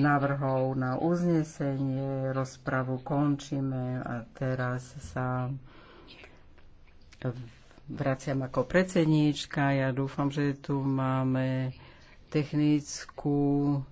návrhov na uznesenie. Rozpravu končíme a teraz sa vraciam ako predsedníčka. Ja dúfam, že tu máme technickú